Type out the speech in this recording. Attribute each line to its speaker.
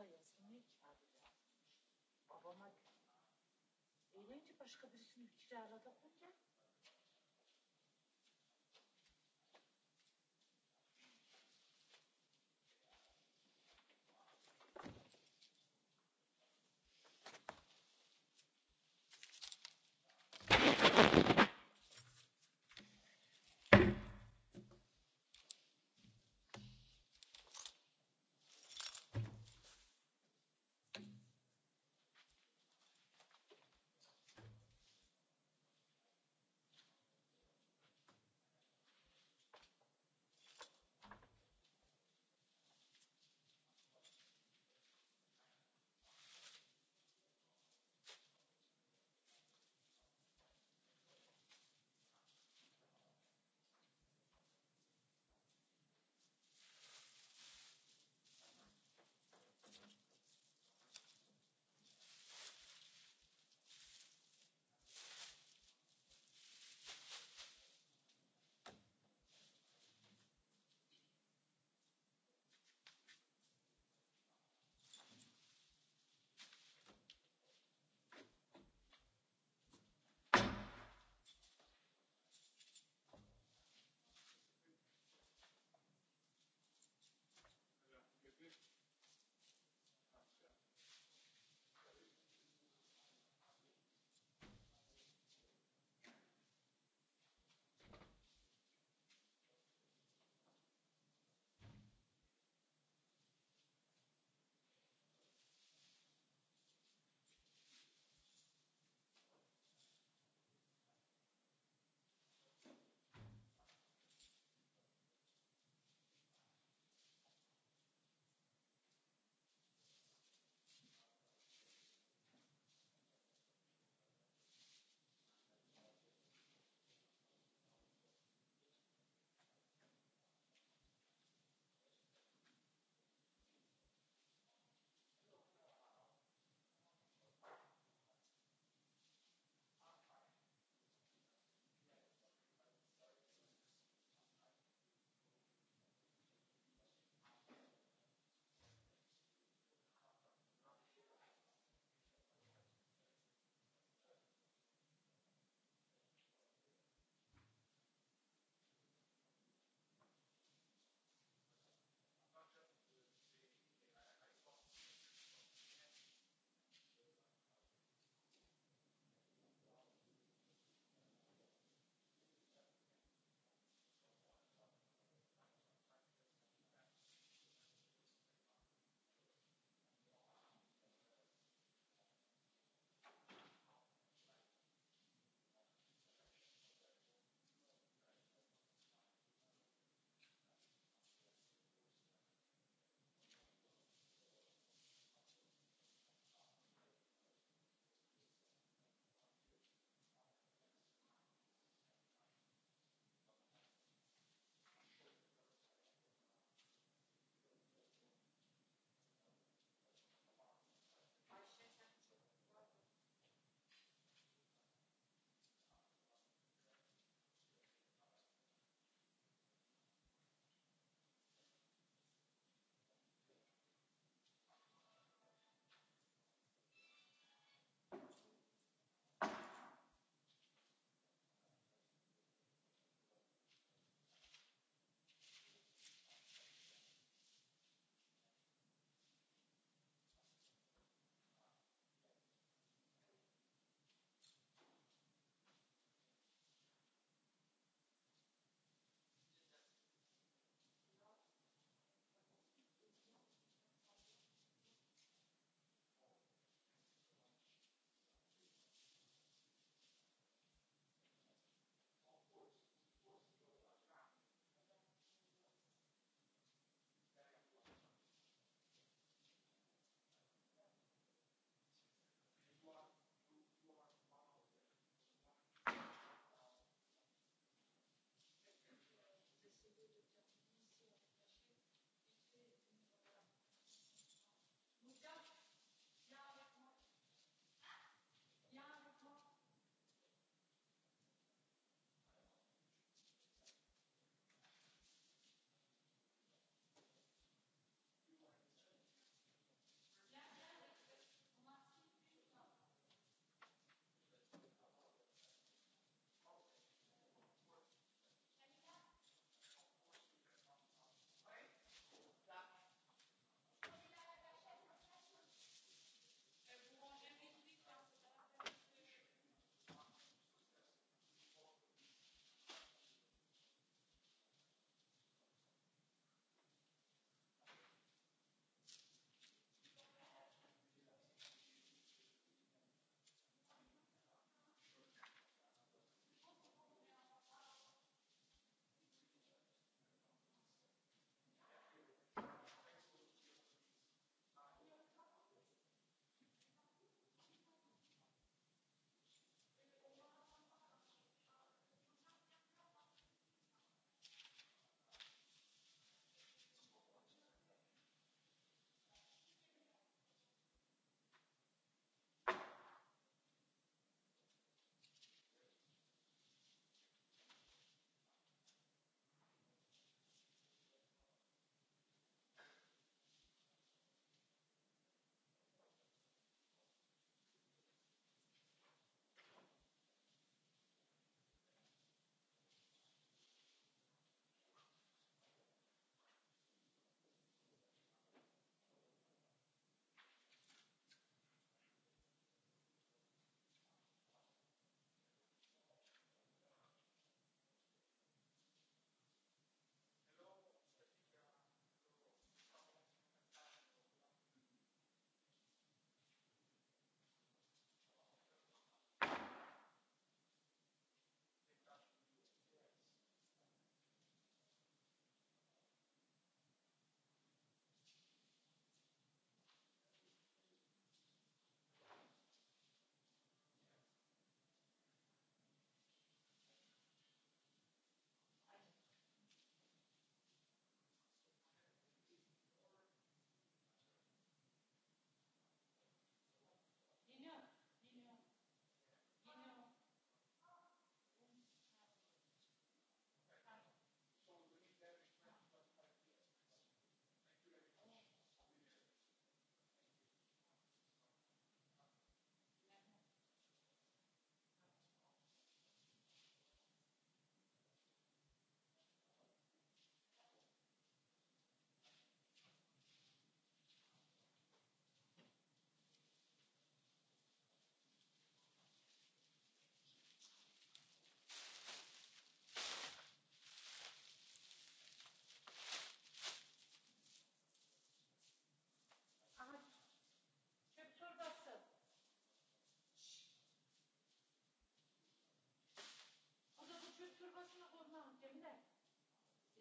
Speaker 1: hikayesini çaldılar. Babama Eğlence başka birisini kiraladı koyacak.